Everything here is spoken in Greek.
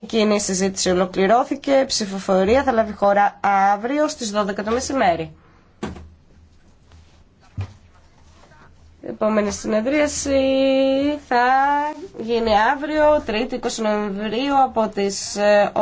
Εκείνη η συζήτηση ολοκληρώθηκε. Ψηφοφορία θα λάβει χώρα αύριο στι 12 το μεσημέρι. Επόμενη συνεδρίαση θα γίνει αύριο, 3η 20 Νοεμβρίου από τις ε,